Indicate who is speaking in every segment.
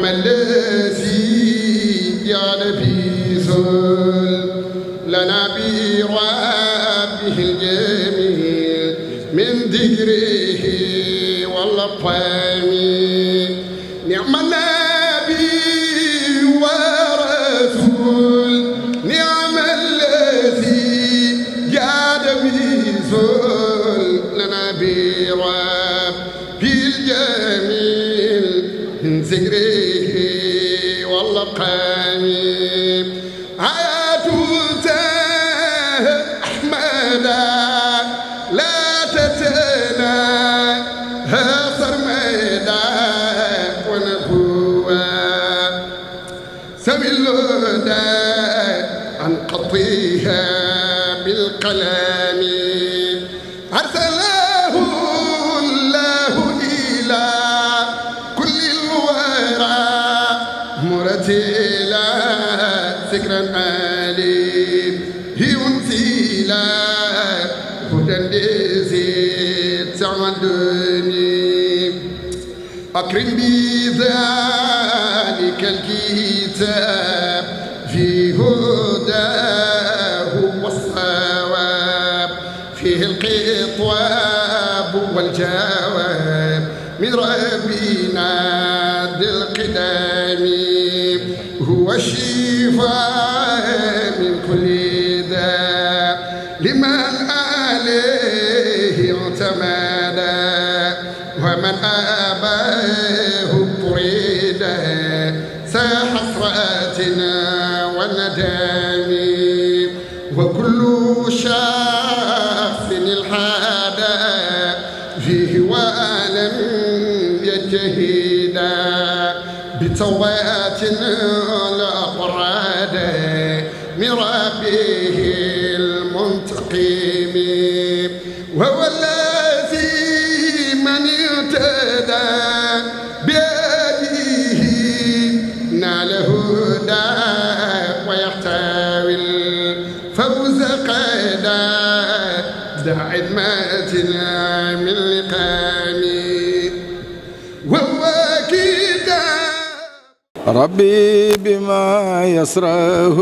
Speaker 1: Mendes يقضيها بالقلم أرسله الله إلى كل الورى مرتلا ذكرا عليم ينزيلا هدى لزيد تعمدني أكرم بذلك الكتاب في هدى فيه القطواب والجواب من ربنا ذي القدام هو الشفاء من كل داء لمن عليه اعتمد ومن أباه طريد سحسرتنا والندم وكل شاء الحادا فيه وآلم يجهيدا بتوات الأفراد مرابيه المنتقم وهو الذي من اهتدى بهديه نال هدى ويحتوي الفوز قيدا دع عدماتنا من لقامي وواكيدا
Speaker 2: ربي بما يسره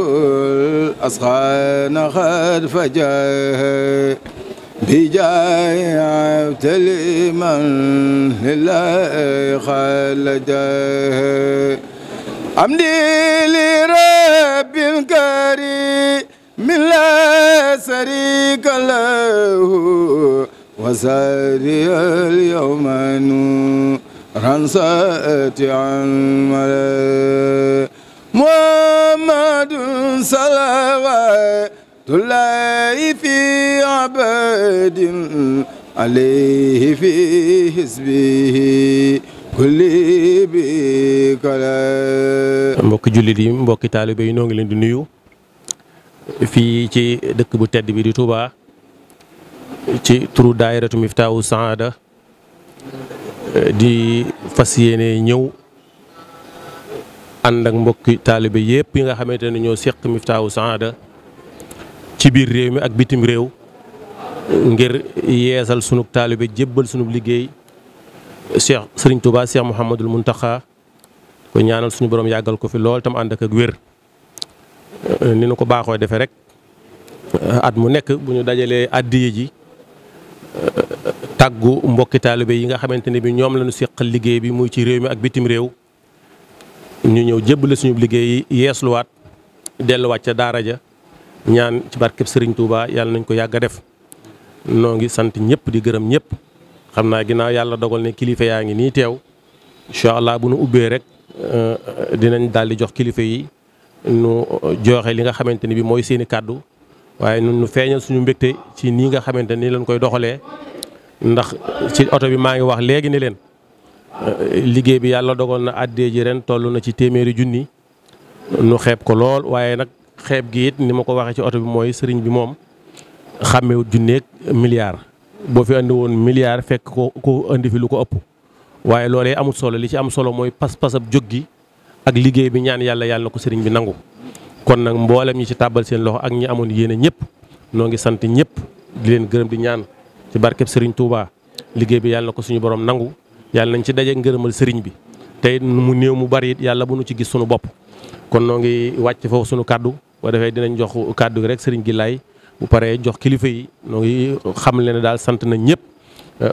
Speaker 2: الأسخان قد فجاه بجاه عبد الإيمان لله خلده أمني لرب كريم من لا شريك
Speaker 1: له
Speaker 2: وساري اليوم نورا ساتعا محمد صلوات الله في عبد عليه في حزبه kulli bi kala mbokki
Speaker 3: jullit yi mbokki taalibe yi noo ngi leen di nuyu fii ci dëkk bu tedd bi di Touba ci turu daayiratu Miftaahu Saada di fas yéene ñëw ànd ak mbokki taalibe yépp yi nga xamante ne ñoo seq Miftaahu Saada ci biir réew mi ak bitim réew ngir yeesal sunub taalibe jébbal sunub liggéey Cheikh Serigne Touba Cheikh Mouhamadul Mountakha ko ñaanal suñu borom yàggal ko fi lool tam ànd ak ak wér. Euh, ni nu ko baaxoo defee rek euh, at mu nekk bu ñu dajalee addiya ji euh, tàggu mbokki taalibe yi nga xamante ne bi ñoom lañu seqal liggéey bi muy ci réew mi ak bitim réew ñu ñëw jébbale suñu liggéey yi yeesluwaat delluwaat ca daara ja ñaan ci barkeb Serigne Touba yàlla nañ ko yàgg a def noo ngi sant ñëpp di gërëm ñëpp xam naa ginnaaw yàlla dogal ne kilifa yaa ngi nii teew incha allah bu nu ubbee rek dinañ daal di jox kilifa yi. nu joxe li nga xamante ni bi mooy seeni kàddu waaye nu feeñal suñu mbégte ci nii nga xamante ni lañ koy doxalee ndax ci oto bi maa ngi wax léegi ni leen euh, liggéey bi yàlla dogal na àddee ji ren toll na ci téeméeri junni nu xeeb ko lool waaye nag xeeb gi it ni ma ko waxee ci oto bi mooy sëriñ bi moom xàmmewut junneeg milliard boo fi andi woon milliard fekk ko ko andi fi lu ko ëpp waaye loolee amul solo li ci am solo mooy pas-pasab jóg gi ak liggéey bi ñaan yàlla yàlla na ko sëriñ bi nangu kon nag mboolem ñi ci tàbbal seen loxo ak ñi amoon yéene ñëpp noo ngi sant ñëpp di leen gërëm di ñaan ci barkeb sëriñ Touba liggéey bi yàlla na ko suñu boroom nangu yàlla nañ ci daje ngërëmal sëriñ bi tey mu néew mu bari yàlla bu nu ci gis suñu bopp kon noo ngi wàcc foofu suñu kàddu boo defee dinañ jox kàddu gi rek sëriñ gi laay bu paree jox kilifa yi noo ngi xam ne daal sant nañ ñëpp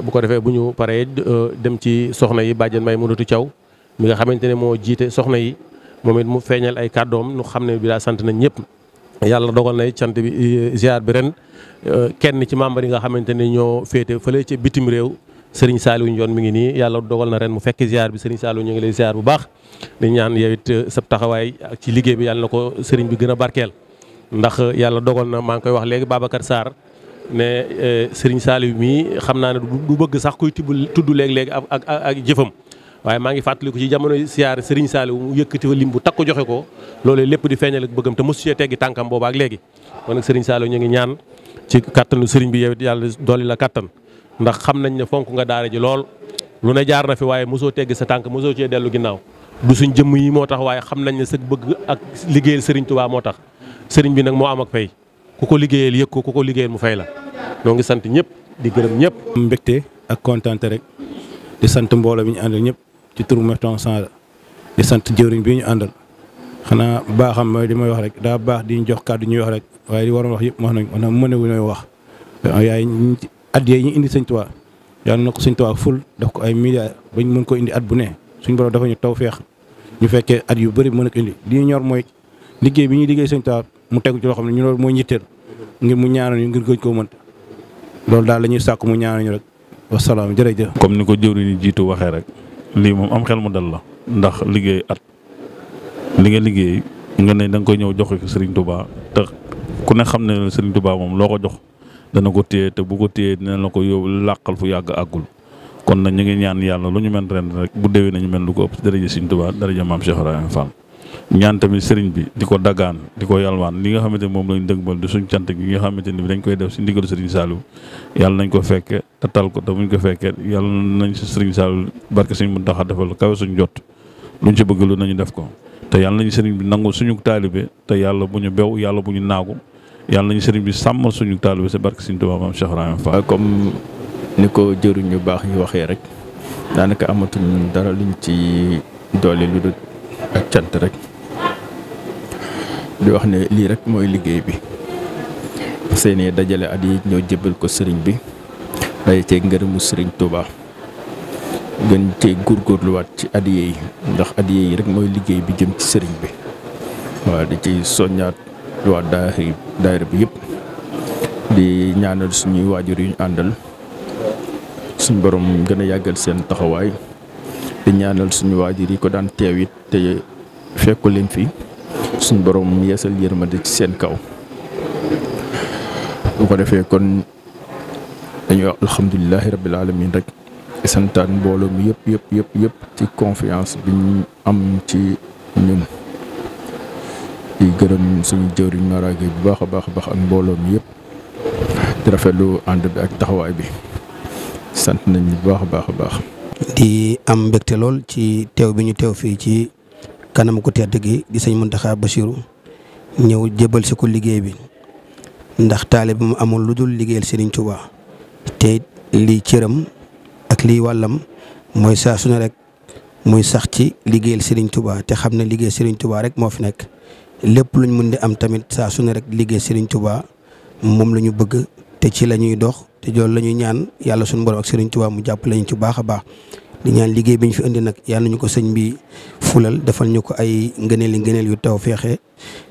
Speaker 3: bu ko defee bu ñu paree euh, dem ci soxna yi bàjjen may mënatu caw mi nga xamante ne moo jiite soxna yi moom it mu feeñal ay kàddoom nu xam ne bi daa sant nañ ñëpp yàlla dogal na cant bi eh, ziar bi ren eh, kenn ci membre yi nga xamante ne ñoo féete fële ci bitim réew Serigne Saliou Ndione mi ngi nii yàlla dogal na ren mu fekk ziar bi Serigne Saliou ñu ngi lay ziar bu baax di ñaan yow it eh, taxawaay ak ci liggéey bi yàlla na ko sëriñ bi gën a barkeel. ndax yàlla dogal na maa ngi koy wax léegi Babacar Sarr ne Serigne Saliou mii xam naa ne du bëgg sax kuy tibb tudd léeg-léeg ak ak ak jëfam. waaye maa ngi fàttaliku ci jamono siyaare Serigne Saliou mu yëkkati fa lim bu takku joxe ko loolee lépp di feeñal ak bëggam te mosu cee teggi tànkam booba ak léegi kon nag Serigne ñu ngi ñaan ci kattanu Serigne bi yow yàlla dooli la kattan ndax xam nañ ne fonk nga daara ji lool lu ne jaar na fi waaye mosoo teggi sa tànk mosoo cee dellu ginnaaw du suñ jëmm yi moo tax waaye xam nañ ne sa bëgg ak liggéeyal Serigne Touba moo tax Serigne bi nag moo am ak fay ku ko liggéeyal yëg ko ku ko liggéeyal mu fay la ñoo ngi sant ñëpp di gërëm ñëpp. mbégte ak kontaante rek di sant mbooloo bi ñu àndal ñëpp ci turu Maton Sall di sant jëwriñ bi ñu àndal xanaa baaxam mooy li may wax rek daa baax di ñu jox kàddu ñuy wax rek waaye li waroon wax yëpp wax nañ ko ndax mënewu ñooy wax yaay at yee ñu indi sëñ Tuubaa yàlla na ko sëñ Tuubaa ful daf ko ay milliards bañ mën ko indi at bu ne suñ borom dafa ñu taw feex ñu fekkee at yu bëri mën a ko indi di ñor mooy liggéey bi ñuy liggéey sëñ Tuubaa mu tegu ci loo xam ne ñu loolu mooy ñitteel ngir mu ñaanal ñu ngir gëj koo mën loolu daal lañuy sàkk mu ñaanal ñu rek wasalaam jërëjëf. comme ni ko jëwriñ jiitu waxee rek lii moom am xel mu dal la ndax liggéey at li nga liggéey nga ne da nga koy ñëw jox ko Serigne Touba te ku ne xam ne Serigne Touba moom loo ko jox dana ko téye te bu ko téyee dina la ko yóbbu làqal fu yàgg àggul kon nag ñu ngi ñaan yàlla lu ñu mel ren rek bu déwee nañu mel lu ko ëpp daraja Serigne Touba daraja Maam Cheikh Ibrahima ñaan tamit sëriñ bi di ko dagaan di ko yalwaan li nga xamante moom lañ dëgmal di suñ cant bi nga xamante ni dañ koy def si ndigal sëriñ Saliou yàlla nañ ko fekke te tal ko te buñ ko fekkee yàlla nañ si sëriñ Saliou barke suñ mu tax a defal kawe suñ jot luñ si bëgg lu nañu def ko te yàlla nañu sëriñ bi nangu suñu taalibe te yàlla bu ñu bew yàlla bu ñu naagu yàlla nañu sëriñ bi sàmm suñu taalibe si barke suñ Tuubaa maam Cheikh Rahim Fall comme ni ko jëruñ ñu baax ñu waxee rek daanaka amatul
Speaker 2: dara luñ ci doole lu dul ak cant rek di wax ne lii rek mooy liggéey bi seeni dajale at yi ñoo jébbal ko sëriñ bi day cee ngërëmu sëriñ Touba gën góor góorgóorluwaat ci at yi ndax at yi rek mooy liggéey bi jëm ci sëriñ bi waaw di ci soññaat waa daahir daahir bi yépp di ñaanal suñuy waajur yu àndal suñ borom gën a yàggal seen taxawaay di ñaanal suñu waajur yi ko daan teew it te fekku leen fi suñ borom yeesal yërmande ci seen kaw bu ko defee kon dañuy wax alhamdulilahi rabbil alamin rek santaan mbooloo mi yëpp yëpp yëpp yëpp ci confiance bi ñu am ci ñun di gërëm suñu jëwriñ maraage bu baax a baax a baax ak mbooloo mi yëpp di rafetlu ànd bi ak taxawaay bi sant nañ bu baax a baax a baax
Speaker 3: di am mbégte lool ci teew bi ñu teew fii ci kanam ku tedd gi di sëñ Muntaxa Basiru ñëw jébal si ko liggéey bi ndax taalibe mu amul lu dul liggéeyal Sëriñ Tuubaa te lii cëram ak lii wàllam mooy saa su rek muy sax ci liggéeyal Sëriñ Tuubaa te xam ne liggéey Sëriñ Tuubaa rek moo fi nekk lépp luñ mun di am tamit saa su ne rek liggéey Sëriñ Tuubaa moom lañu bëgg te ci lañuy dox te jool la ñuy ñaan yàlla suñu borom ak Serigne Touba mu jàpp lañu ci baax di ñaan liggéey bi ñu fi indi nag yàlla ñu ko sëñ bi fulal defal ñu ko ay ngëneel yi ngëneel yu taw feexe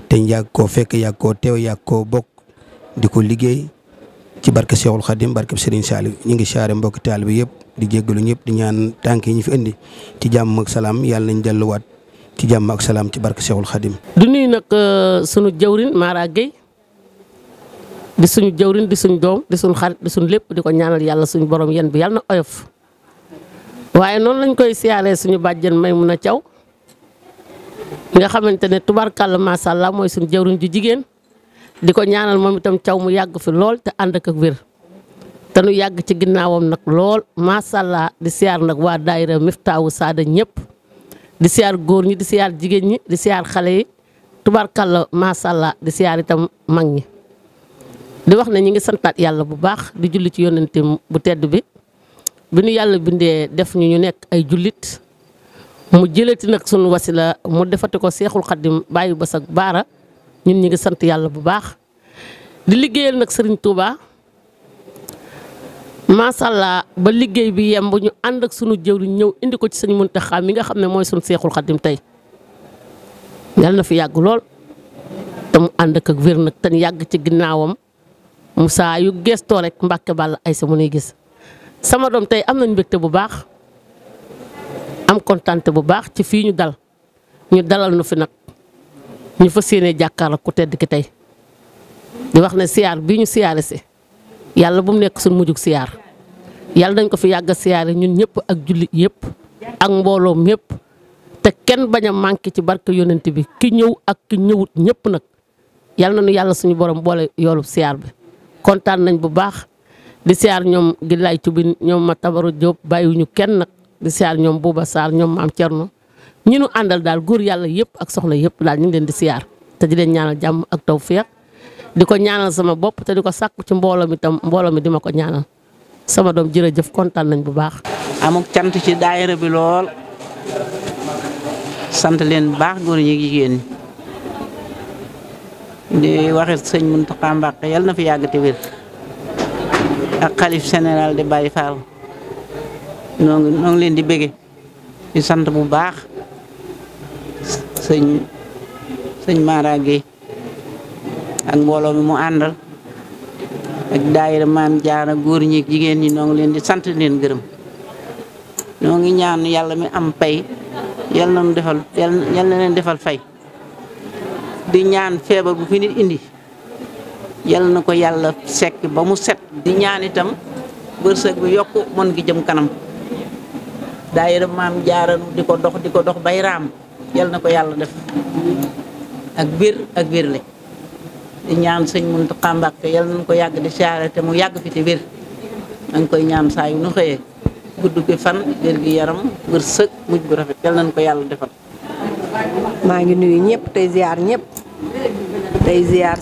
Speaker 3: te yàgg koo fekk yàgg koo teew yàgg koo bokk di ko liggéey ci barke Seexul Xadim barke Serigne Saliou ñu ngi xaare mbokki taal bi yëpp di jéggalu ñëpp di ñaan tànk yi ñu fi indi ci jàmm ak salaam yàlla nañ delluwaat ci jàmm ak salaam ci barke Seexul Xadim.
Speaker 4: du nag euh, di suñu jëwriñ di suñu doom di suñ xarit di suñ lépp di ko ñaanal yàlla suñu borom yéen bi yàlla na oyof waaye noonu lañ koy siyaaree suñu may bàjjen Maymuna Thiaw nga xamante ne tubarkàlla macha allah mooy suñu jëwriñ ju jigéen di ko ñaanal moom itam caw mu yàgg fi lool te ànd ak wér te nu yàgg ci ginnaawam nag lool macha allah di siyaar nag waa daayira Miftaawu Saada ñëpp di siyaar góor ñi di siyaar jigéen ñi di siyaar xale yi tubarkàlla macha allah di siyaar itam mag ñi. di wax ne ñu ngi santaat yàlla bu baax di julli ci yonente bu tedd bi bi nu yàlla bindee def ñu ñu nekk ay jullit mu jëlati nag sunu wasila mu defati ko seexul xaddim bàyyi ba sag baara ñun ñi ngi sant yàlla bu baax di liggéeyal nag sëriñ Touba macha allah ba liggéey bi yem ba ñu ànd ak sunu jëw jëwriñ ñëw indi ko ci sëñ Muntaxa mi nga xam ne mooy sunu seexul xaddim tey yàlla na fi yàgg lool te mu ànd ak wér nag te yàgg ci ginnaawam Moussa yu gestoo rek Mbàkke Balla Aysa mu nuy gis sama doom tey am nañ mbégte bu baax am kontante bu baax ci fii ñu dal ñu dalal nu fi nag ñu fas yéene jàkkaarloo ku tedd ki tey di wax ne siyaar bii ñu siyaare si yàlla bu mu nekk suñ mujjug siyaar yàlla dañ ko fi yàgg a ñun ñëpp ak jullit yëpp ak mbooloom yëpp te kenn bañ a manqué ci barke yonent bi ki ñëw ak ki ñëwut ñëpp nag yàlla na nu yàlla suñu borom boole yoolub siyaar bi. kontaan nañ bu baax di siyaar ñoom Gillaay Tubin ñoom ma tabaru Diop bàyyiwuñu kenn nag di siyaar ñoom Bouba Sarr ñoom maam Thierno ñu nu àndal daal góor yàlla yëpp ak soxna yëpp daal ñu ngi leen di siyaar te di leen ñaanal jàmm ak tawféex di ko ñaanal sama bopp te di ko sàkku ci mbooloo mi tam mbooloo mi di ma ko ñaanal sama doom jërëjëf kontaan nañ bu baax.
Speaker 5: amuk cant ci daayira bi lool sant leen bu baax góor ñi jigéen di waxit sëñ Muntaxa Mbàkke yal na fi yàgg te wér ak xalif général de Baye Fall noo ngi noo leen di bége di sant bu baax sëñ sëñ Mara ak mbooloo mi mu àndal ak daayira maam jaara góor ñi jigéen ñi noo ngi leen di sant leen gërëm noo ngi ñaan yàlla mi am pay yal na defal yal na leen defal fay di ñaan feebar bu fi nit indi yal na ko yàlla sekk ba mu set di ñaan itam wërsëg bi yokk mën gi jëm kanam daayira maam jaaranu di ko dox di ko dox bay raam yal na ko yàlla def ak biir ak biir le di ñaan sëñ Muntaxa Mbàkke yal nañ ko yàgg di siyaare te mu yàgg fi te biir dañ koy ñaan saa yu nu xëyee gudd gi fan wér gi yaram wërsëg mujj bu rafet yal nañ ko yàlla defal maa ngi nuyu ñëpp tey ziar ñëpp tey ziar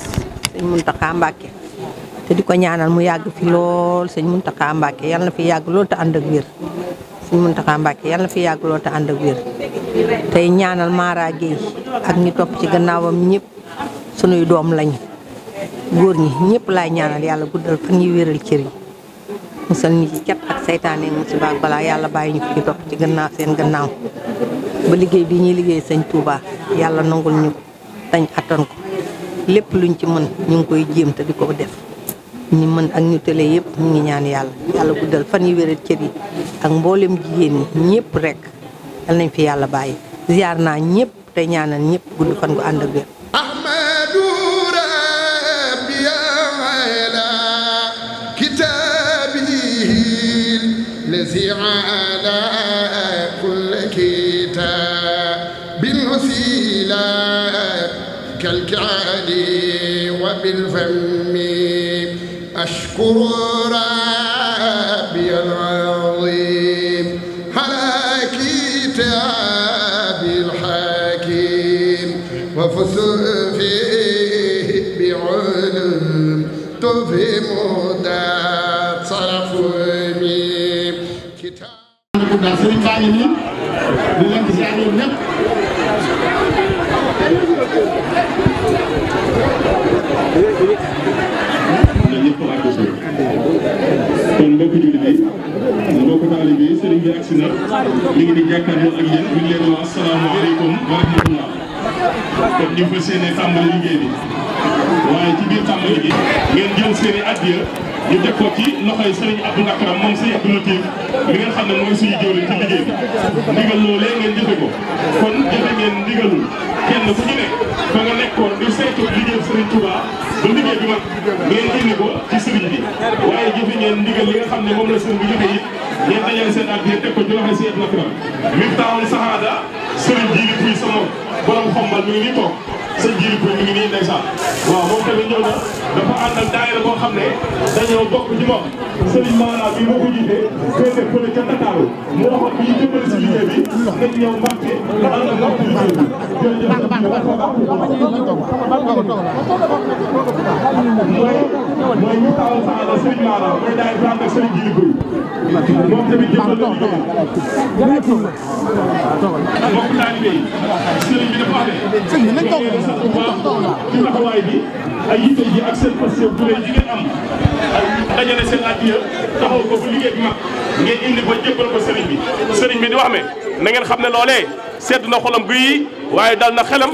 Speaker 5: sëñ Mountakha Mbacké te di ko ñaanal mu yàgg fi lool sëñ Mountakha Mbacké yàlla na fi yàgg te ànd ak wér sëñ Mountakha Mbacké yàlla fi yàgg lool te ànd ak wér tey ñaanal Mara ak ñi topp ci gannaawam ñëpp sunuy doom lañu góor ñi ñëpp laay ñaanal yàlla guddal fan yi wéral cër yi musal ñi ci cat ak seytaane musiba balaa yàlla bàyyi ñu fi ñu topp ci gannaaw seen gannaaw ba liggéey bi ñuy liggéey sëñ Touba yàlla nangul ñu ko tañ attan ko lépp luñ ci mën ñu ngi koy jéem te di ko def ñu mën ak ñu tële yëpp ñu ngi ñaan yàlla yàlla guddal fan yi wéral cër yi ak mboolem jigéen ñi ñëpp rek yal nañ fi yàlla bàyyi ziar naa ñëpp te ñaanal ñëpp gudd fan gu ànd ak wér
Speaker 1: بالعالي وبالفم أشكر ربي العظيم على كتابي الحكيم وفث فيه بعلم تفهم ذات صرفني
Speaker 6: كتاب si na mi di jàkkaarloo ak yéen ñu ngi leen wax asalaamaaleykum wa rahmatullah kon ñu fas yéene tàmbali liggéey bi ngeen jël seen i addiya ñu teg ci loxoy sëriñ Abdou Nakram moom sëriñ Abdou Latif mi ngeen xam ne mooy suñu jëwriñ ci liggéey bi ndigal loolee ngeen jëfe ko kon jëfe ngeen ndigalul kenn ku ci nekk fa nga nekkoon di saytu liggéey sëriñ Touba ba liggéey bi mag ngeen indi ko ci sëriñ bi waaye jëfe ngeen ndigal li nga xam ne moom la sëriñ bi ngeen dajale seen ak yéen teg ko ci loxo si yëpp la ko doon. Miftahul Sahada Serigne Djili mi ngi sëñ Jili ko ñu ngi nii ndeysaan waaw moom tamit ñëw na dafa ànd ak daayira boo xam ne dañoo bokk ci moom Serigne Maana bi moo ko jiite féete fële ca Ndakaaru mu waxoon bi ñu jëmbale si liggéey bi nañ ñëw Mbàkke ànd ak bokk liggéey bi jërëjëf
Speaker 4: mooy mooy ñu taal
Speaker 6: saala Serigne Maana mooy daayira bi ànd ak Serigne Jili ko moom tamit jëmbale liggéey bokk taalibe yi sëriñ bi dafa sëriñ bi nañ toog ci taxawaay ngeen am ak dajale seen addiya ko bu bi mag ngeen na ngeen xam ne na xolam na xelam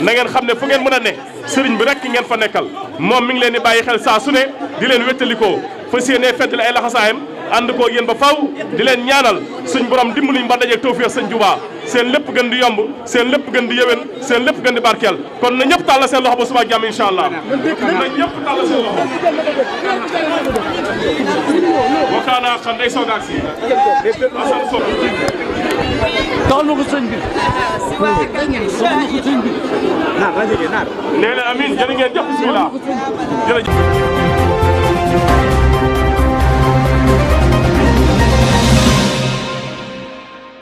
Speaker 6: na ngeen xam ne fu ngeen mën a ne sëriñ bi rek ngeen fa nekkal moom mi ngi leen di bàyyi xel saa su ne di leen wéttalikoo fas yéenee fentale ay laxasaayam ànd koo yéen ba faw di leen ñaanal suñ borom dimbaluñ ba daje tawfeex sëñ Tuubaa seen lépp gën di yomb seen lépp gën di yëwén seen lépp gën di barkeel kon na ñëpp tàllal seen loxo ba subaa jàmm incha allah na ñëpp tàllal seen loxo waxtaanaa xam day soogaak si asan so bi taxal amin jërë ngeen jëf bismillah